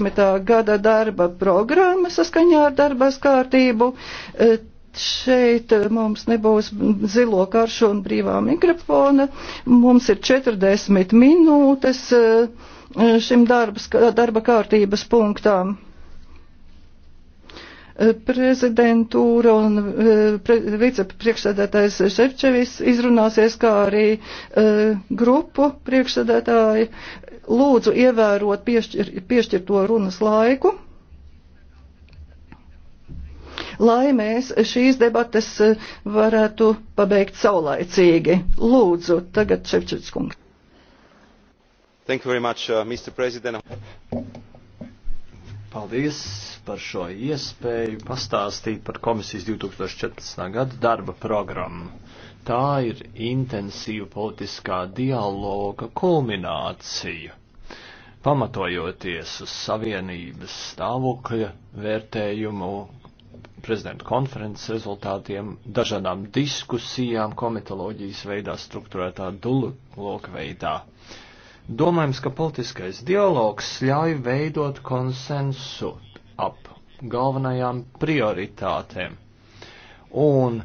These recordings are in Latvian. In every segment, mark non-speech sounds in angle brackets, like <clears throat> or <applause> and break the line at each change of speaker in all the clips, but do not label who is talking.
15. gada darba programma saskaņā ar darbas kārtību. E, šeit mums nebūs zilo karšu un brīvā mikrofona. Mums ir 40 minūtes e, šim darbas, darba kārtības punktām prezidentūra un e, pre, vicepriekšsēdētājs Šepčevis izrunāsies, kā arī uh, grupu priekšsēdētāji. Lūdzu ievērot piešķir, piešķirto runas laiku, lai mēs šīs debates varētu pabeigt saulaicīgi. Lūdzu, tagad Šepčevis kungs. Thank you very much, uh, Mr. President.
Paldies, par šo iespēju pastāstīt par komisijas 2014. gada darba programmu. Tā ir intensīva politiskā dialoga kulminācija, pamatojoties uz Savienības stāvokļa vērtējumu prezidenta konferences rezultātiem, dažādām diskusijām, komitoloģijas veidā, struktūrētā dulloka veidā. Domājams, ka politiskais dialogs ļauj veidot konsensu ap galvenajām prioritātēm. Un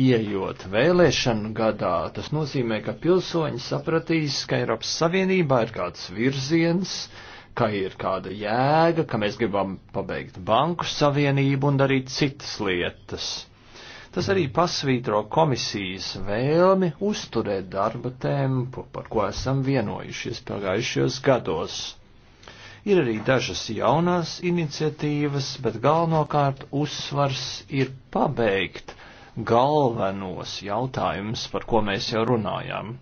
Ieejot vēlēšanu gadā, tas nozīmē, ka pilsoņi sapratīs, ka Eiropas Savienībā ir kāds virziens, ka ir kāda jēga, ka mēs gribam pabeigt banku savienību un darīt citas lietas. Tas arī pasvītro komisijas vēlmi uzturēt darba tempu, par ko esam vienojušies pagājušajos gados. Ir arī dažas jaunās iniciatīvas, bet galvenokārt uzsvars ir pabeigt galvenos jautājumus, par ko mēs jau runājām,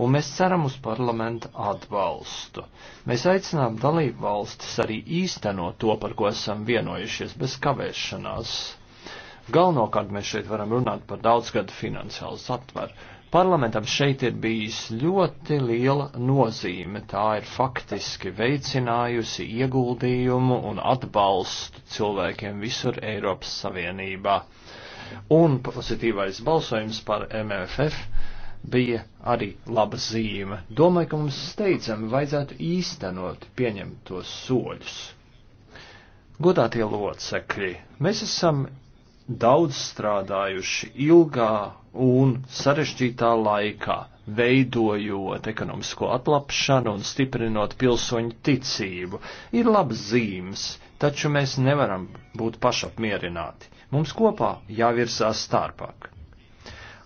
un mēs ceram uz parlamenta atbalstu. Mēs aicinām dalību valstis arī īstenot to, par ko esam vienojušies bez kavēšanās. Galvenokārt mēs šeit varam runāt par daudzgadu finansiālu satvaru, Parlamentam šeit ir bijis ļoti liela nozīme. Tā ir faktiski veicinājusi ieguldījumu un atbalstu cilvēkiem visur Eiropas Savienībā. Un pozitīvais balsojums par MFF bija arī laba zīme. Domāju, ka mums steidzami vajadzētu īstenot pieņemtos soļus. Godātie locekļi, mēs esam daudz strādājuši ilgā un sarežģītā laikā, veidojot ekonomisko atlapšanu un stiprinot pilsoņu ticību, ir labs zīmes, taču mēs nevaram būt pašapmierināti. Mums kopā jāvirsās starpāk.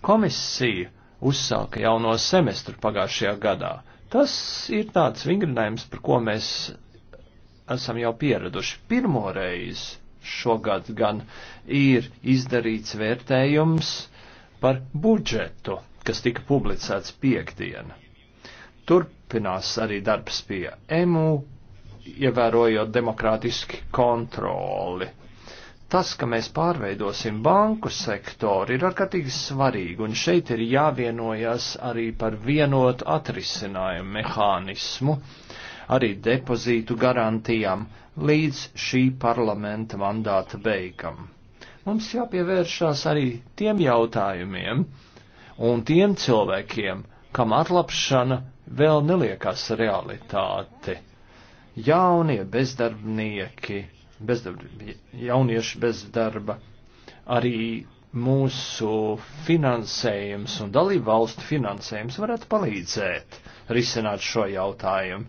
Komisija uzsāka jauno semestru pagājušajā gadā. Tas ir tāds vingrinājums, par ko mēs esam jau pieraduši. Pirmoreiz šogad gan ir izdarīts vērtējums par budžetu, kas tika publicēts piekdiena. Turpinās arī darbs pie EMU, ievērojot demokrātiski kontroli. Tas, ka mēs pārveidosim banku sektoru, ir ārkārtīgi svarīgi, un šeit ir jāvienojas arī par vienotu atrisinājumu mehānismu, uh, arī depozītu garantijām līdz šī parlamenta mandāta beigam. Mums jāpievēršās arī tiem jautājumiem un tiem cilvēkiem, kam atlapšana vēl neliekas realitāte. Jaunie bezdarbnieki, bezdarb, jaunieši bezdarba, arī mūsu finansējums un dalību valstu finansējums varētu palīdzēt risināt šo jautājumu.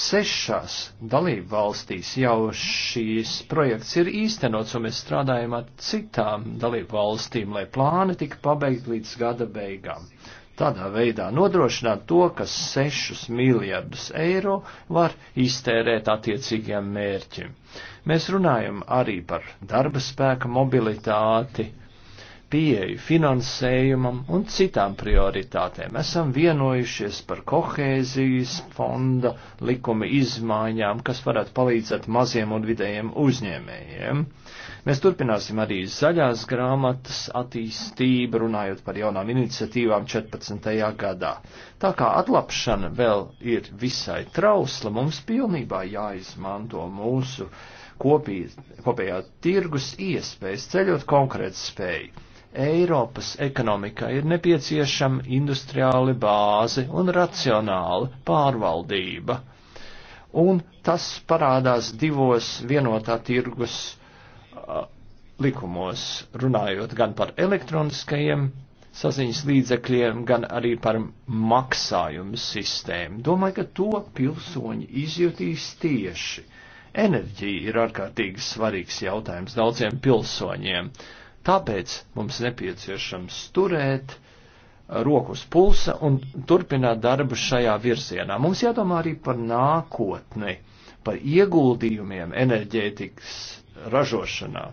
Sešās dalību valstīs jau šīs projekts ir īstenots, un mēs strādājam ar citām dalību valstīm, lai plāni tika pabeigti līdz gada beigām. Tādā veidā nodrošināt to, ka 6 miljardus eiro var iztērēt attiecīgiem mērķim. Mēs runājam arī par darba spēka mobilitāti pieeju finansējumam un citām prioritātēm. Esam vienojušies par kohēzijas fonda likuma izmaiņām, kas varētu palīdzēt maziem un vidējiem uzņēmējiem. Mēs turpināsim arī zaļās grāmatas attīstību, runājot par jaunām iniciatīvām 14. gadā. Tā kā atlapšana vēl ir visai trausla, mums pilnībā jāizmanto mūsu kopī, kopējā tirgus iespējas ceļot konkrētu spēju Eiropas ekonomikā ir nepieciešama industriāli bāzi un racionāla pārvaldība. Un tas parādās divos vienotā tirgus uh, likumos, runājot gan par elektroniskajiem saziņas līdzekļiem, gan arī par maksājumu sistēmu. Domāju, ka to pilsoņi izjutīs tieši. Enerģija ir ārkārtīgi svarīgs jautājums daudziem pilsoņiem. Uh, Tāpēc mums nepieciešams turēt rokas pulsa un turpināt darbu šajā virzienā. Mums jādomā arī par nākotni, par ieguldījumiem enerģētikas ražošanā.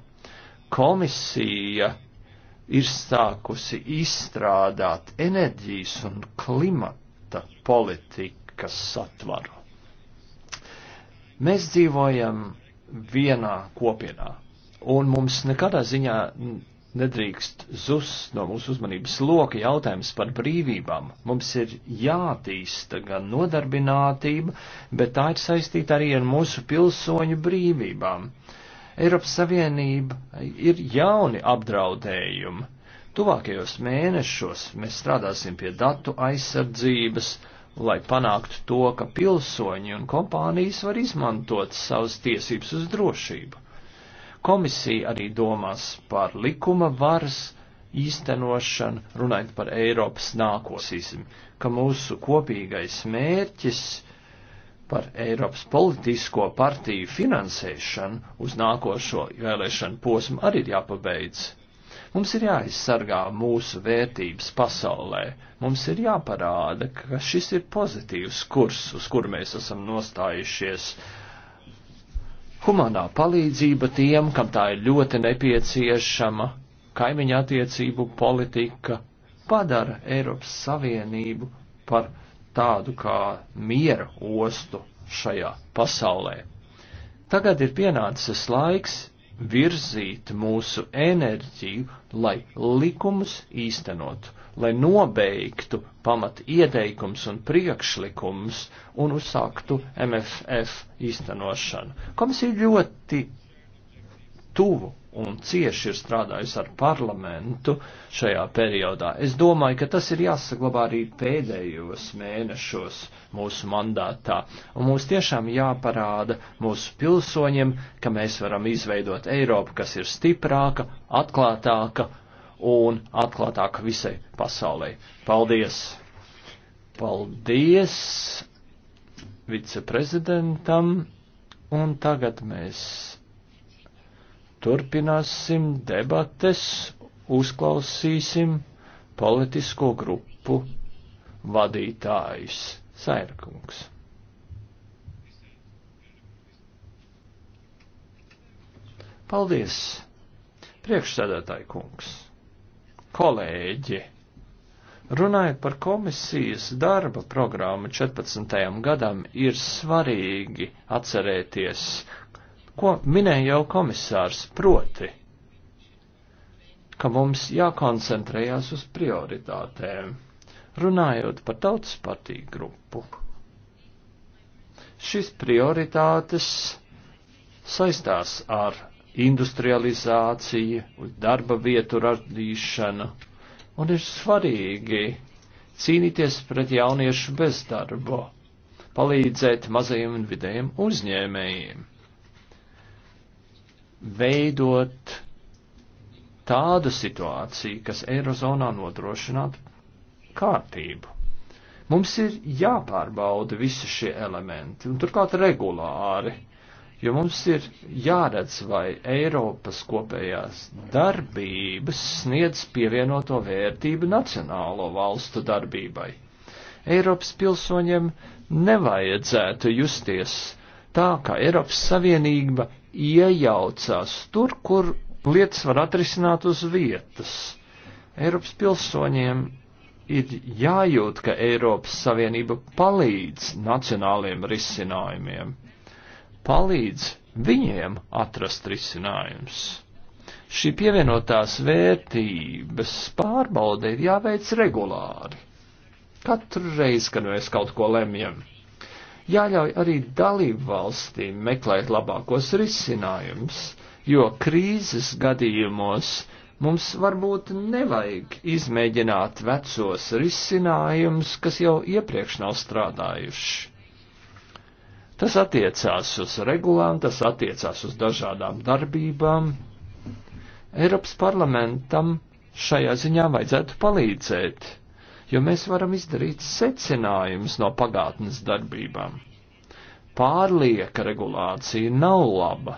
Komisija ir sākusi izstrādāt enerģijas un klimata politikas satvaru. Mēs dzīvojam vienā kopienā, Un mums nekādā ziņā nedrīkst zust no mūsu uzmanības loka jautājums par brīvībām. Mums ir jātīsta gan nodarbinātība, bet tā ir saistīta arī ar mūsu pilsoņu brīvībām. Eiropas Savienība ir jauni apdraudējumi. Tuvākajos mēnešos mēs strādāsim pie datu aizsardzības, lai panāktu to, ka pilsoņi un kompānijas var izmantot savas tiesības uz drošību Komisija arī domās par likuma varas īstenošanu, runājot par Eiropas nākotnismu, ka mūsu kopīgais mērķis par Eiropas politisko partiju finansēšanu uz nākošo vēlēšanu posmu arī ir jāpabeidz. Mums ir jāizsargā mūsu vērtības pasaulē, mums ir jāparāda, ka šis ir pozitīvs kurs, uz kur mēs esam nostājušies, Humanā palīdzība tiem, kam tā ir ļoti nepieciešama, kaimiņa attiecību politika padara Eiropas Savienību par tādu kā miera ostu šajā pasaulē. Tagad ir pienācis laiks virzīt mūsu enerģiju, lai likumus īstenotu lai nobeigtu pamat ieteikums un priekšlikums un uzsāktu MFF īstenošanu. Komisija ļoti tuvu un cieši ir strādājusi ar parlamentu šajā periodā. Es domāju, ka tas ir jāsaglabā arī pēdējos mēnešos mūsu mandātā, un mums tiešām jāparāda mūsu pilsoņiem, ka mēs varam izveidot Eiropu, kas ir stiprāka, atklātāka un atklātāk visai pasaulē. Paldies! Paldies viceprezidentam, un tagad mēs turpināsim debates, uzklausīsim politisko grupu vadītājus. Sairkungs. Paldies, priekšsēdētāji kungs! kolēģi! Runājot par komisijas darba programmu 14. gadam, ir svarīgi atcerēties, ko minēja jau komisārs, proti, ka mums jākoncentrējās uz prioritātēm, runājot par tautas partiju grupu. Šis prioritātes saistās ar industrializācija, darba vietu radīšana. Un ir svarīgi cīnīties pret jauniešu bezdarbu, palīdzēt mazajiem un vidējiem uzņēmējiem, veidot tādu situāciju, kas Eirozonā nodrošinātu kārtību. Mums ir jāpārbauda visi šie elementi, un turklāt regulāri Jo mums ir jāredz, vai Eiropas kopējās darbības sniedz pievienoto vērtību nacionālo valstu darbībai. Eiropas pilsoņiem nevajadzētu justies tā, ka Eiropas Savienība iejaucās tur, kur lietas var atrisināt uz vietas. Eiropas pilsoņiem ir jājūt, ka Eiropas Savienība palīdz nacionāliem risinājumiem palīdz viņiem atrast risinājums. Šī pievienotās vērtības pārbaude ir jāveic regulāri. Katru reizi, kad mēs kaut ko lemjam, jāļauj arī dalību valstīm meklēt labākos risinājumus, jo krīzes gadījumos mums varbūt nevajag izmēģināt vecos risinājumus, kas jau iepriekš nav strādājuši Tas attiecās uz regulām, tas attiecās uz dažādām darbībām. Eiropas parlamentam šajā ziņā vajadzētu palīdzēt, jo mēs varam izdarīt secinājumus no pagātnes darbībām. Pārlieka regulācija nav laba,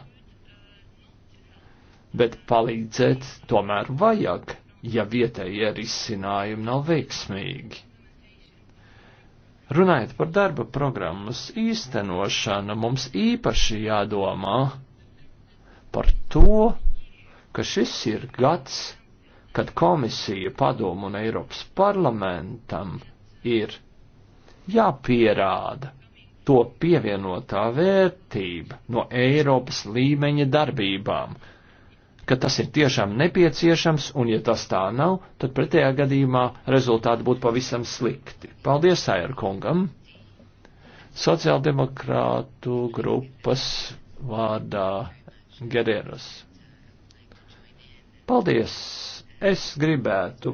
bet palīdzēt tomēr vajag, ja vietējie risinājumi nav veiksmīgi. Runājot par darba programmas īstenošanu, mums īpaši jādomā par to, ka šis ir gads, kad komisija padomu un Eiropas parlamentam ir jāpierāda to pievienotā vērtība no Eiropas līmeņa darbībām, ka tas ir tiešām nepieciešams, un ja tas tā nav, tad pretējā gadījumā rezultāti būtu pavisam slikti. Paldies Sairkungam! Sociāldemokrātu grupas vārdā Gereras. Paldies! Es gribētu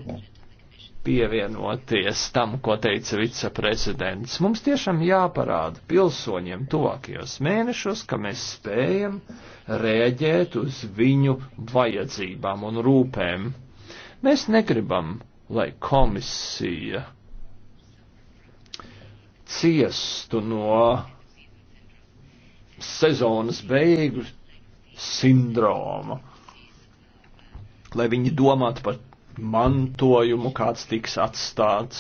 pievienoties tam, ko teica viceprezidents. Mums tiešām jāparāda pilsoņiem tuvākajos mēnešos, ka mēs spējam rēģēt uz viņu vajadzībām un rūpēm. Mēs negribam, lai komisija ciestu no sezonas beigu sindroma, lai viņi domātu par mantojumu, kāds tiks atstāts.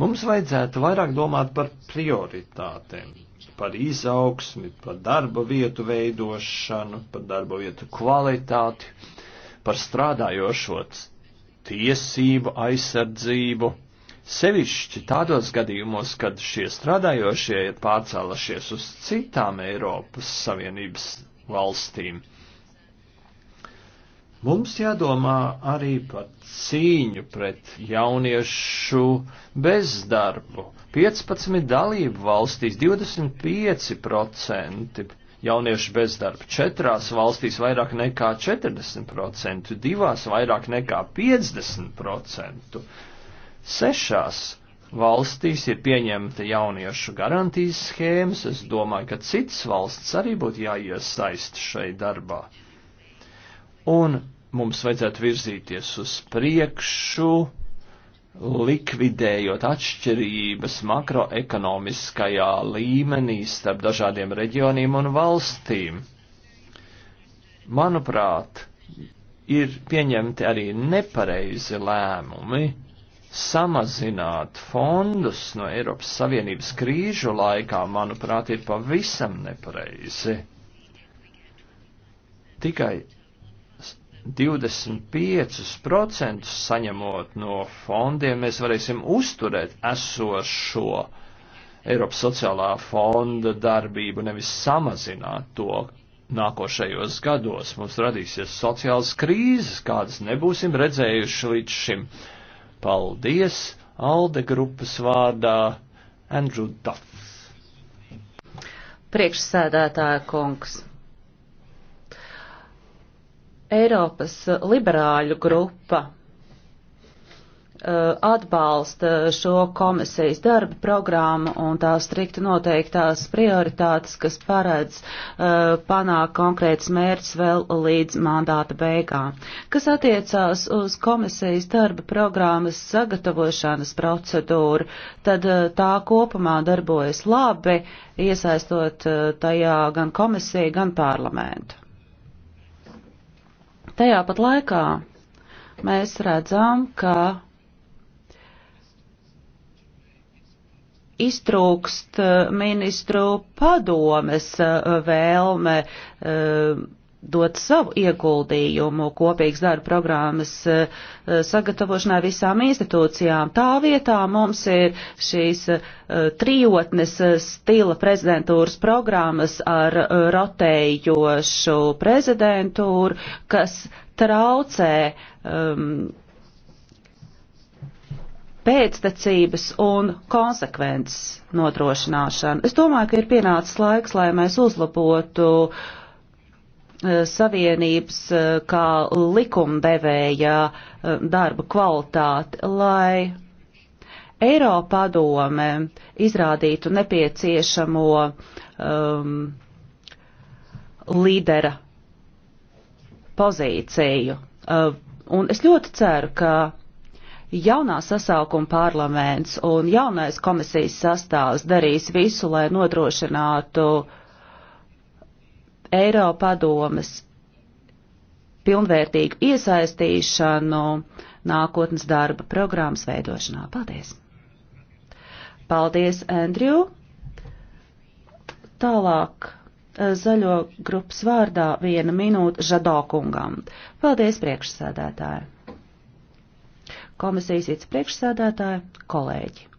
Mums vajadzētu vairāk domāt par prioritātēm, par izaugsmi, par darba vietu veidošanu, par darba vietu kvalitāti, par strādājošots tiesību aizsardzību. Sevišķi tādos gadījumos, kad šie strādājošie ir pārcēlušies uz citām Eiropas Savienības valstīm. Mums jādomā arī par cīņu pret jauniešu bezdarbu. 15 dalību valstīs 25% jauniešu bezdarba, 4 valstīs vairāk nekā 40%, 2 vairāk nekā 50%. Sešās valstīs ir pieņemta jauniešu garantijas schēmas, es domāju, ka cits valsts arī būtu jāiesaist šai darbā. Un mums vajadzētu virzīties uz priekšu, likvidējot atšķirības makroekonomiskajā līmenī starp dažādiem reģioniem un valstīm. Manuprāt, ir pieņemti arī nepareizi lēmumi samazināt fondus no Eiropas Savienības krīžu laikā, manuprāt, ir pavisam nepareizi. Tikai 25% saņemot no fondiem, mēs varēsim uzturēt esošo Eiropas sociālā fonda darbību, nevis samazināt to nākošajos gados. Mums radīsies sociālas krīzes, kādas nebūsim redzējuši līdz šim. Paldies! Alde grupas vārdā Andrew Duff.
Priekšsēdētāja kungs. Eiropas liberāļu grupa uh, atbalsta šo komisijas darba programmu un tās strikti noteiktās prioritātes, kas paredz uh, panākt konkrēts mērķis vēl līdz mandāta beigām. Kas attiecās uz komisijas darba programmas sagatavošanas procedūru, tad uh, tā kopumā darbojas labi, iesaistot uh, tajā gan komisiju, gan parlamentu. Tajā pat laikā mēs redzam, ka iztrūkst ministru padomes eh, vēlme eh, dot savu ieguldījumu kopīgas darba programmas eh, sagatavošanai visām institūcijām. Tā vietā mums ir šīs eh, trijotnes eh, stila prezidentūras programmas ar rotējošu prezidentūru, kas traucē um, pēctecības un konsekvences nodrošināšanu. Es domāju, ka ir pienācis laiks, lai mēs uzlabotu uh, Eh, savienības eh, kā likumdevēja eh, darba kvalitāti, lai Eiropadome izrādītu nepieciešamo um, līdera pozīciju. Uh, un es ļoti ceru, ka jaunā sasaukuma parlaments un jaunais komisijas sastāvs darīs visu, lai nodrošinātu uh, Eiropadomes pilnvērtīgu iesaistīšanu nākotnes darba programmas veidošanā. Paldies! Paldies, Andriju! Tālāk eh, zaļo grupas vārdā viena minūte Žadokungam. Paldies, priekšsēdētāji! Komisijas vicepriekšsēdētāji, kolēģi!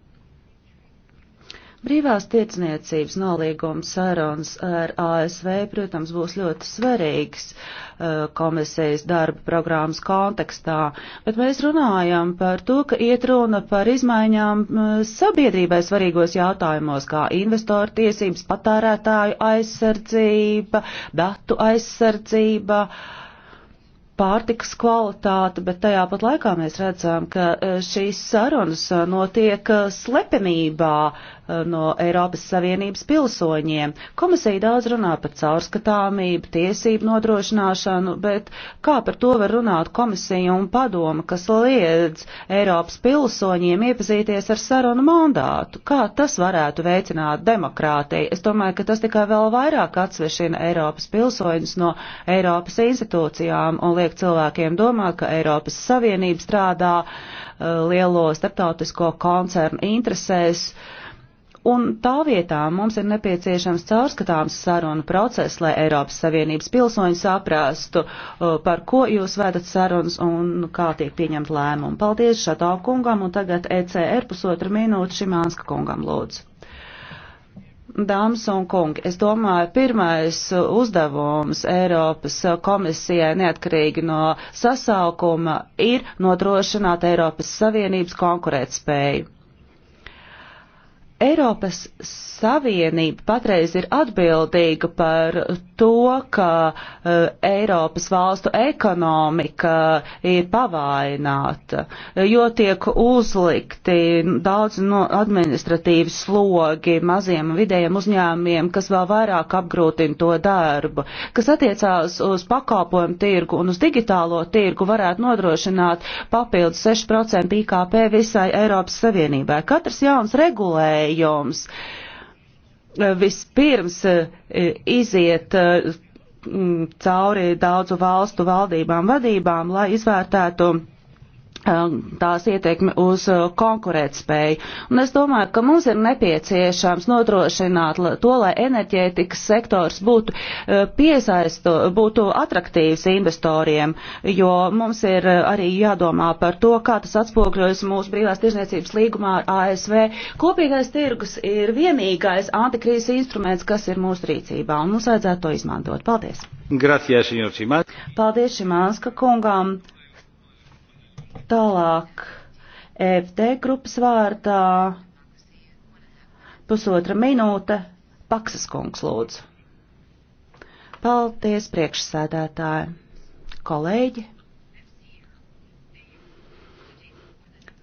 Brīvās tiecniecības nolīgums sarunas ar ASV, protams, būs ļoti svarīgs uh, komisijas darba programmas kontekstā, bet mēs runājam par to, ka iet runa par izmaiņām uh, sabiedrībai svarīgos jautājumos, kā investoru tiesības, patērētāju aizsardzība, datu aizsardzība. Uh, pārtikas kvalitāti, bet tajā pat laikā mēs redzam, ka e, šīs sarunas e, notiek e, slepenībā no Eiropas Savienības pilsoņiem. Komisija daudz runā par caurskatāmību, tiesību nodrošināšanu, bet kā par to var runāt komisija un padoma, kas liedz Eiropas pilsoņiem iepazīties ar sarunu mandātu? Kā tas varētu veicināt demokrātiju? Es domāju, ka tas tikai vēl vairāk atsvešina Eiropas pilsoņus no Eiropas institūcijām un liek liek cilvēkiem domāt, ka Eiropas Savienība strādā uh, lielo starptautisko koncernu interesēs. Un tā vietā mums ir nepieciešams caurskatāms sarunu process, lai Eiropas Savienības pilsoņi saprastu, uh, par ko jūs vedat sarunas un kā tiek pieņemt lēmumu. Paldies Šatā kungam un tagad ECR pusotra minūte Šimānska kungam lūdzu. Dāmas un kungi, es domāju, pirmais uzdevums Eiropas komisijai neatkarīgi no sasaukuma ir nodrošināt Eiropas Savienības konkurētspēju. Eiropas Savienība patreiz ir atbildīga par to, ka uh, Eiropas valstu ekonomika ir pavaināta, jo tiek uzlikti daudz no administratīvi slogi maziem un vidējiem uzņēmiem, kas vēl vairāk apgrūtina to darbu. Kas attiecās uz pakalpojumu tirgu un uz digitālo tirgu, varētu nodrošināt papildus 6% IKP visai Eiropas Savienībai. Katrs jauns regulējums regulējums. Vispirms eh, iziet eh, cauri daudzu valstu valdībām vadībām, lai izvērtētu Um, tās ietekmi uz uh, konkurētspēju. Un es domāju, ka mums ir nepieciešams nodrošināt to, lai enerģētikas sektors būtu uh, piesaisto, būtu atraktīvs investoriem, jo mums ir uh, arī jādomā par to, kā tas atspogļojas mūsu brīvās tirzniecības līgumā ar ASV. Kopīgais tirgus ir vienīgais antikrīzes instruments, kas ir mūsu rīcībā, un mums vajadzētu to izmantot. Paldies! Gracias, Paldies, Šimānska kungām! Tālāk EFT grupas vārtā pusotra minūte Paksas kungs lūdzu. Paldies priekšsēdētāji, kolēģi!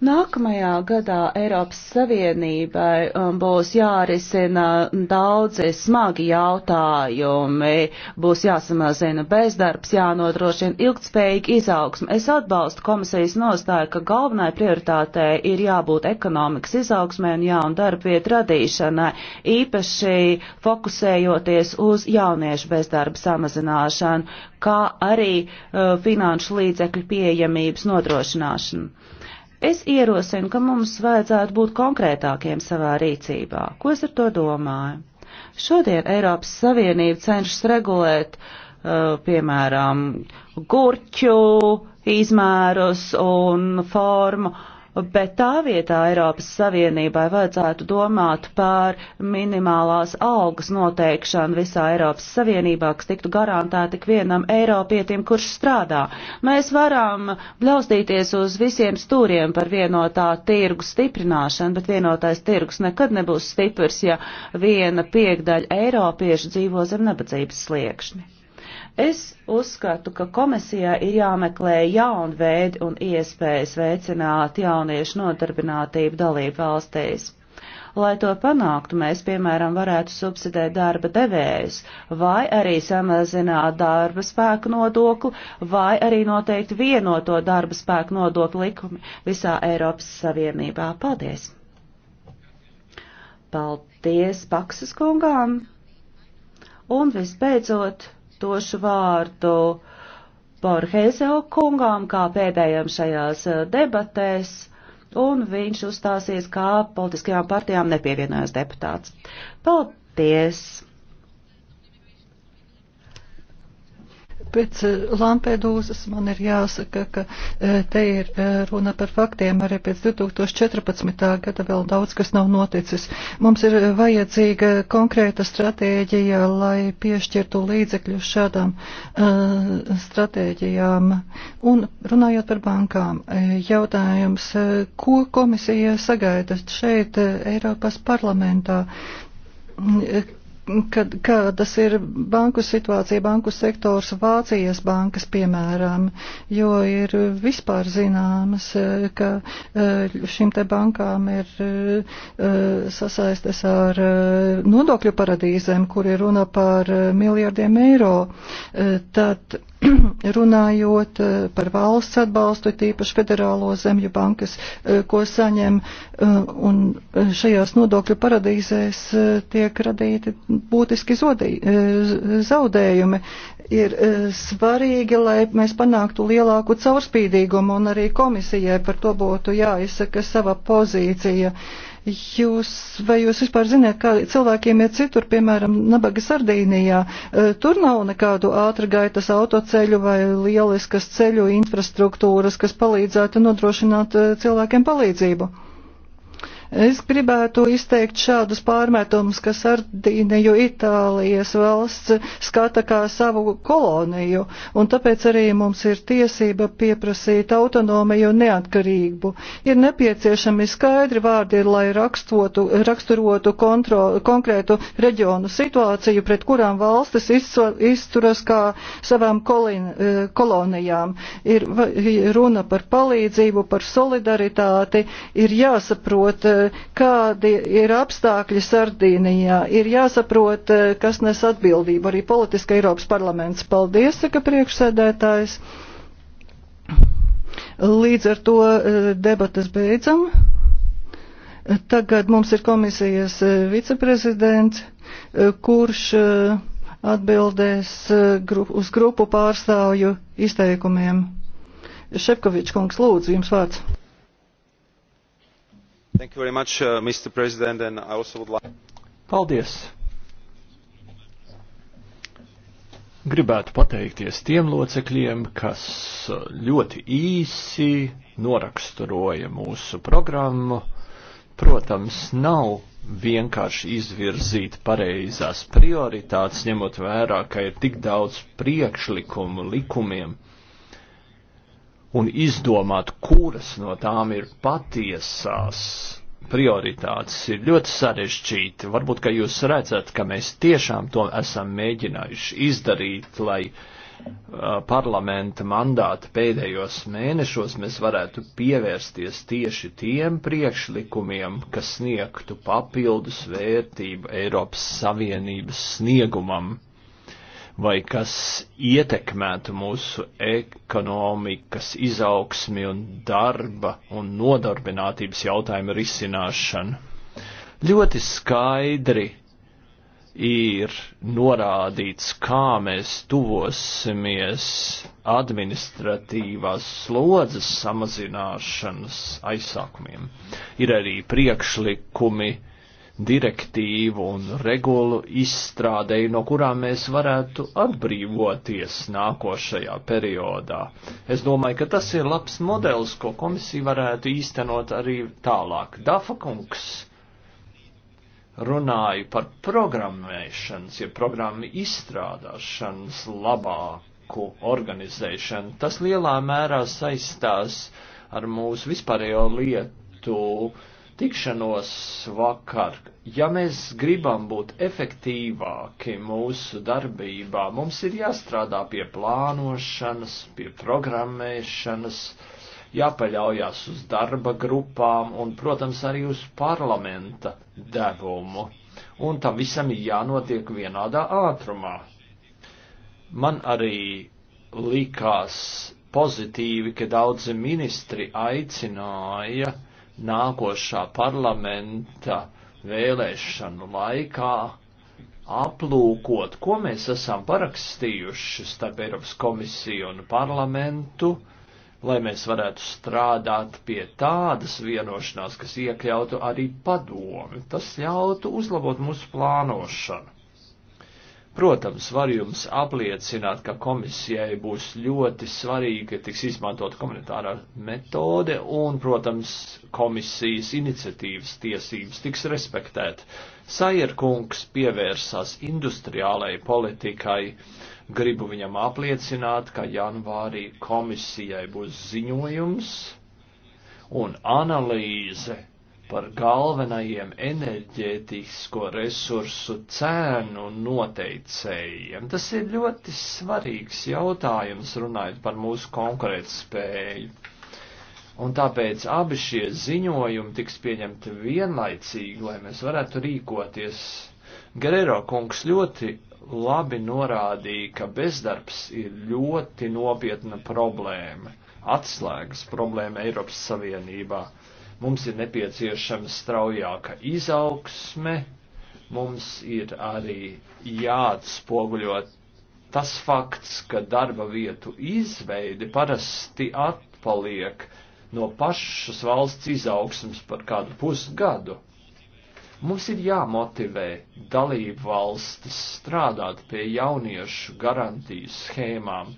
Nākamajā gadā Eiropas Savienībai um, būs jārisina daudzi smagi jautājumi, būs jāsamazina bezdarbs, jānodrošina ilgtspējīga izaugsme. Es atbalstu komisijas nostāju, ka galvenai prioritātei ir jābūt ekonomikas izaugsmē un jaunu darba vietu radīšanai, īpaši fokusējoties uz jauniešu bezdarba samazināšanu, kā arī uh, finanšu līdzekļu pieejamības nodrošināšanu. Es ierosinu, ka mums vajadzētu būt konkrētākiem savā rīcībā. Ko es ar to domāju? Šodien Eiropas Savienība cenšas regulēt, uh, piemēram, gurķu izmērus un formu. Uh, bet tā vietā Eiropas Savienībai vajadzētu domāt par minimālās algas noteikšanu visā Eiropas Savienībā, kas tiktu garantēta tik vienam Eiropietim, kurš strādā. Mēs varam bļaustīties uz visiem stūriem par vienotā tirgu stiprināšanu, bet vienotais tirgus nekad nebūs stiprs, ja viena piekdaļa Eiropiešu dzīvo zem nebadzības sliekšņa. Es uzskatu, ka komisijā ir jāmeklē jauni veidi un iespējas veicināt jauniešu nodarbinātību dalību valstīs. Lai to panāktu, mēs, piemēram, varētu subsidēt darba devējus, vai arī samazināt darba spēku nodokli, vai arī noteikt vienoto darba spēku nodokli likumi visā Eiropas Savienībā. Paldies! Paldies Paksas kungām! Un visbeidzot, došu vārdu Borhezeo kungām kā pēdējam šajās eh, debatēs un viņš uzstāsies kā politiskajām partijām nepievienojas deputāts. Paldies!
pēc eh, Lampedūzas man ir jāsaka, ka eh, te ir eh, runa par faktiem. Arī pēc 2014. gada vēl daudz kas nav noticis. Mums ir vajadzīga konkrēta stratēģija, lai piešķirtu līdzekļu šādām uh, stratēģijām. Un runājot par bankām, jautājums, ko komisija sagaida šeit Eiropas parlamentā? Mm, kad, kādas ir banku situācija, banku sektors, Vācijas bankas, piemēram, jo ir vispār zināmas, eh, ka eh, šīm te bankām ir eh, sasaistes ar nodokļu paradīzēm, kur ir runa par miljardiem eiro. Tad, <clears throat> runājot eh, par valsts atbalstu, tīpaši federālo zemju bankas, eh, ko saņem, eh, un šajās nodokļu paradīzēs tiek radīti būtiski zodī, zaudējumi. Ir svarīgi, lai mēs panāktu lielāku caurspīdīgumu, un arī komisijai par to būtu jāizsaka sava pozīcija Jūs, vai jūs vispār zināt, kā cilvēkiem ir citur, piemēram, nabaga Sardīnijā? E, tur nav nekādu ātra gaitas autoceļu vai lieliskas ceļu infrastruktūras, kas palīdzētu nodrošināt e, cilvēkiem palīdzību. Es gribētu izteikt šādus pārmetumus, ka Sardīniju Itālijas valsts skata kā savu koloniju, un tāpēc arī mums ir tiesība pieprasīt autonomiju un neatkarību. Ir nepieciešami skaidri vārdi, lai rakstotu, raksturotu kontro, konkrētu reģionu situāciju, pret kurām valstis izturas kā savām kolin, e, kolonijām. Ir runa par palīdzību, par solidaritāti, ir jāsaprot, e, kādi ir apstākļi Sardīnijā. Ir jāsaprot, eh, kas nes atbildību. Arī politiska Eiropas parlaments. Paldies, saka priekšsēdētājs. Līdz ar to eh, debatas beidzam. Tagad mums ir komisijas eh, viceprezidents, kurš atbildēs uz grupu pārstāvju izteikumiem. Šepkovičs kungs, lūdzu, jums vārds.
Much, uh, like... Paldies! Gribētu pateikties tiem locekļiem, kas uh, ļoti īsi noraksturoja mūsu programmu. Protams, nav vienkārši izvirzīt pareizās prioritātes, ņemot vērā, ka ir tik daudz priekšlikumu likumiem un izdomāt, kuras no tām ir patiesās prioritātes, ir ļoti sarežģīti. Varbūt, ka jūs redzat, ka mēs tiešām to esam mēģinājuši izdarīt, lai uh, parlamenta mandāta pēdējos mēnešos mēs varētu pievērsties tieši tiem priekšlikumiem, kas sniegtu papildus vērtību Eiropas Savienības sniegumam vai kas ietekmētu mūsu ekonomikas izaugsmi un darba un nodarbinātības jautājumu risināšanu. Ļoti skaidri ir norādīts, kā mēs tuvosimies administratīvās slodzes samazināšanas aizsākumiem. Ir arī priekšlikumi, uh, direktīvu un regulu izstrādēju, no kurām mēs varētu atbrīvoties nākošajā periodā. Es domāju, ka tas ir labs modelis, ko komisija varētu īstenot arī tālāk. Dafa kungs runāju par programmēšanas, ja programmu izstrādāšanas labāku organizēšanu. Tas lielā mērā saistās ar mūsu vispārējo lietu tikšanos vakar. Ja mēs gribam būt efektīvāki mūsu darbībā, mums ir jāstrādā pie plānošanas, pie programmēšanas, jāpaļaujas uz darba grupām un, protams, arī uz parlamenta devumu. Un tam visam ir jānotiek vienādā ātrumā. Man arī likās pozitīvi, ka daudzi ministri aicināja, uh, nākošā parlamenta vēlēšanu laikā aplūkot, ko mēs esam parakstījuši starp Eiropas komisiju un parlamentu, lai mēs varētu strādāt pie tādas vienošanās, kas iekļautu arī padomi. Tas ļautu uzlabot mūsu plānošanu. Protams, var jums apliecināt, ka komisijai būs ļoti svarīgi, ka tiks izmantot komunitārā metode un, protams, komisijas iniciatīvas tiesības tiks respektēt. Sajerkungs pievērsās industriālai politikai. Gribu viņam apliecināt, ka janvārī komisijai būs ziņojums un analīze par galvenajiem enerģētisko resursu cēnu noteicējiem. Tas ir ļoti svarīgs jautājums runājot par mūsu konkurētspēju. Un tāpēc abi šie ziņojumi tiks pieņemti vienlaicīgi, lai mēs varētu rīkoties. Gerero kungs ļoti labi norādīja, ka bezdarbs ir ļoti nopietna problēma, atslēgas problēma Eiropas Savienībā. Mums ir nepieciešama straujāka izaugsme, mums ir arī jāatspoguļo tas fakts, ka darba vietu izveidi parasti atpaliek no pašas valsts izaugsmas par kādu pusgadu. Mums ir jāmotivē dalību valstis strādāt pie jauniešu garantiju schēmām.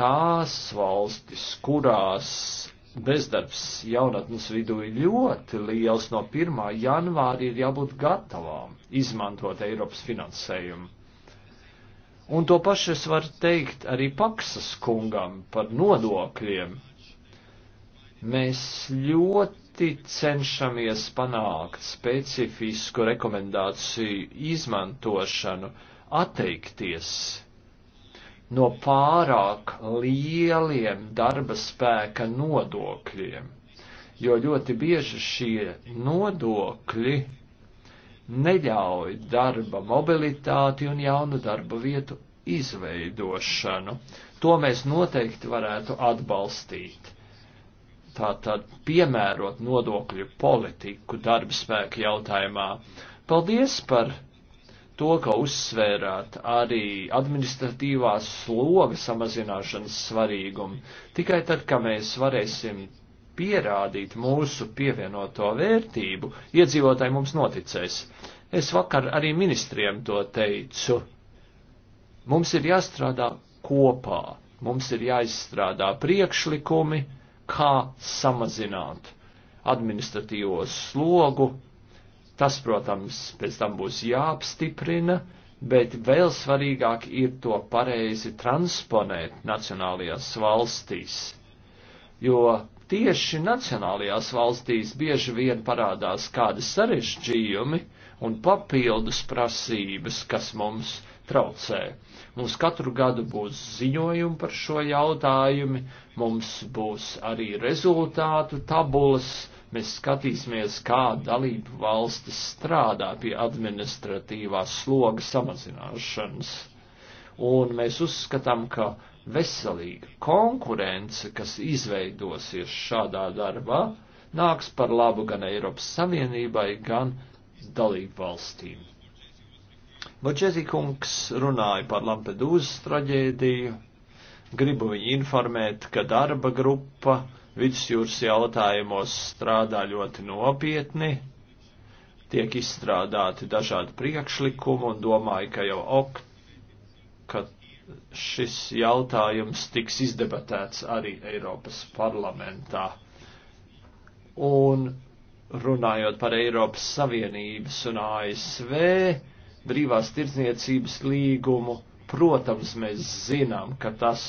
Tās valstis, kurās bezdarbs jaunatnes vidū ir ļoti liels. No 1. janvāra ir jābūt gatavām izmantot Eiropas finansējumu. Un to pašu es varu teikt arī Paksas kungam par nodokļiem. Mēs ļoti cenšamies panākt specifisku rekomendāciju izmantošanu, atteikties no pārāk lieliem darba spēka nodokļiem, jo ļoti bieži šie nodokļi neļauj darba mobilitāti un jaunu darba vietu izveidošanu. To mēs noteikti varētu atbalstīt. Tātad piemērot nodokļu politiku darba spēka jautājumā. Paldies par to, ka uzsvērāt arī administratīvās sloga samazināšanas svarīgumu. Tikai tad, kad mēs varēsim pierādīt mūsu pievienoto vērtību, iedzīvotāji mums noticēs. Es vakar arī ministriem to teicu. Mums ir jāstrādā kopā, mums ir jāizstrādā priekšlikumi, kā samazināt administratīvo slogu Tas, protams, pēc tam būs jāapstiprina, bet vēl svarīgāk ir to pareizi transponēt nacionālajās valstīs, jo tieši nacionālajās valstīs bieži vien parādās kādi sarežģījumi un papildus prasības, kas mums traucē. Mums katru gadu būs ziņojumi par šo jautājumu, mums būs arī rezultātu tabulas, Mēs skatīsimies, kā dalību valstis strādā pie administratīvās sloga samazināšanas. Un mēs uzskatām, ka veselīga konkurence, kas izveidosies šādā darbā, nāks par labu gan Eiropas Savienībai, gan dalību valstīm. Boģezi kungs runāja par Lampedūzas traģēdiju. Gribu viņu informēt, ka darba grupa vidusjūras jautājumos strādā ļoti nopietni, tiek izstrādāti dažādi priekšlikumi un domāju, ka jau ok, ka šis jautājums tiks izdebatēts arī Eiropas parlamentā. Un runājot par Eiropas Savienības un ASV brīvās tirdzniecības līgumu, Protams, mēs zinām, ka tas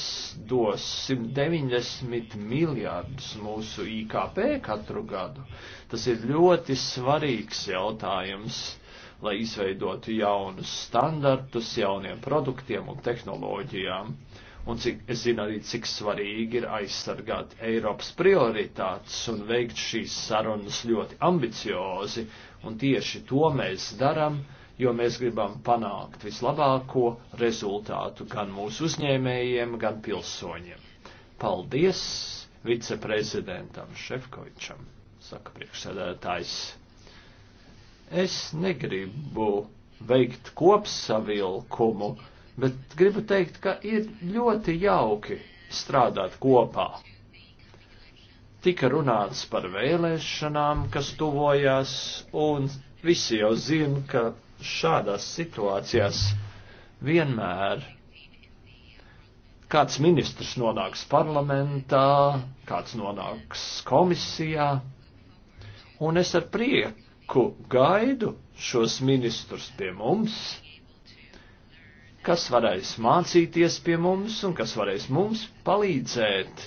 dos 190 miljārdus mūsu IKP katru gadu. Tas ir ļoti svarīgs jautājums, lai izveidotu jaunus standartus jauniem produktiem un tehnoloģijām. Un cik, es zinu arī, cik svarīgi ir aizsargāt Eiropas prioritātes un veikt šīs sarunas ļoti ambiciozi, un tieši to mēs darām jo mēs gribam panākt vislabāko rezultātu gan mūsu uzņēmējiem, gan pilsoņiem. Paldies viceprezidentam Šefkovičam, saka priekšsēdētājs. Es negribu veikt kopsavilkumu, bet gribu teikt, ka ir ļoti jauki strādāt kopā. Tika runāts par vēlēšanām, kas tuvojās, un visi jau zina, ka šādās situācijās vienmēr kāds ministrs nonāks parlamentā, kāds nonāks komisijā, un es ar prieku gaidu šos ministrus pie mums, kas varēs mācīties pie mums un kas varēs mums palīdzēt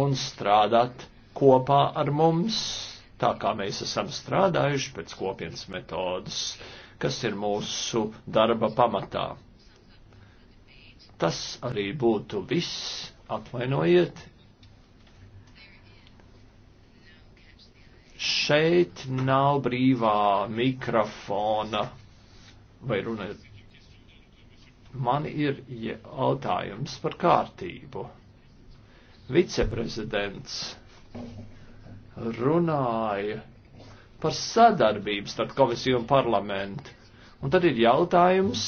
un strādāt kopā ar mums, tā kā mēs esam strādājuši pēc kopienas metodas kas ir mūsu darba pamatā. Tas arī būtu viss, atvainojiet. Šeit nav brīvā mikrofona vai runa. Man ir jautājums par kārtību. Viceprezidents runāja par sadarbību starp komisiju un parlamentu. Un tad ir jautājums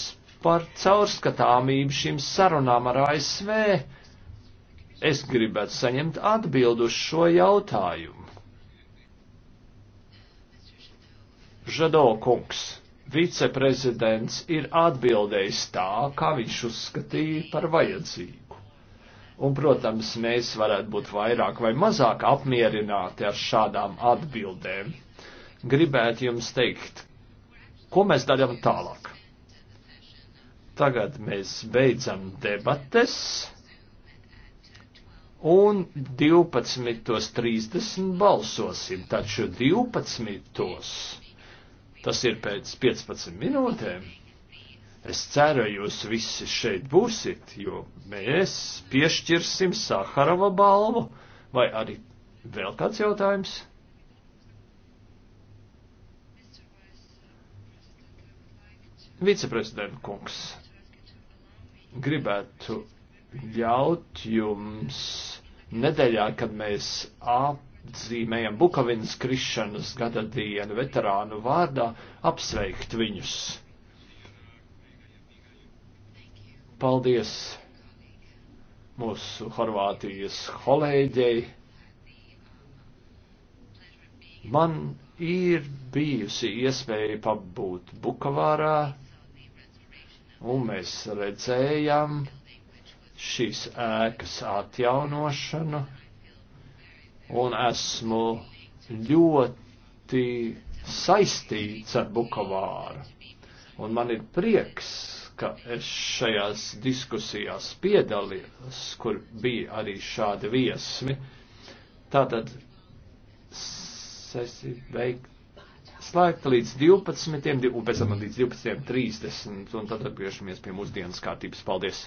par caurskatāmību šīm sarunām ar ASV. Es gribētu saņemt atbildu uz šo jautājumu. Žado kungs, viceprezidents, ir atbildējis tā, kā viņš uzskatīja par vajadzīgu. Un, protams, mēs varētu būt vairāk vai mazāk apmierināti ar šādām atbildēm gribētu jums teikt, ko mēs darām tālāk. Tagad mēs beidzam debates. Un 12.30 balsosim, taču 12. tas ir pēc 15 minūtēm. Es ceru, jūs visi šeit būsit, jo mēs piešķirsim Saharova balvu. Vai arī vēl kāds jautājums? Viceprezidenta kungs, gribētu ļaut jums nedēļā, kad mēs apzīmējam Bukavinas krišanas gada dienu veterānu vārdā, apsveikt viņus. Paldies mūsu Horvātijas kolēģei. Man ir bijusi iespēja pabūt Bukavārā un mēs redzējām šīs ēkas atjaunošanu, un esmu ļoti saistīts ar Bukavāru. Un man ir prieks, ka es šajās diskusijās piedalījos, kur bija arī šādi viesmi. Tātad saistīt veikt slēgta līdz 12, un pēc tam līdz 12.30, un tad atgriežamies pie mūsu dienas kārtības. Paldies!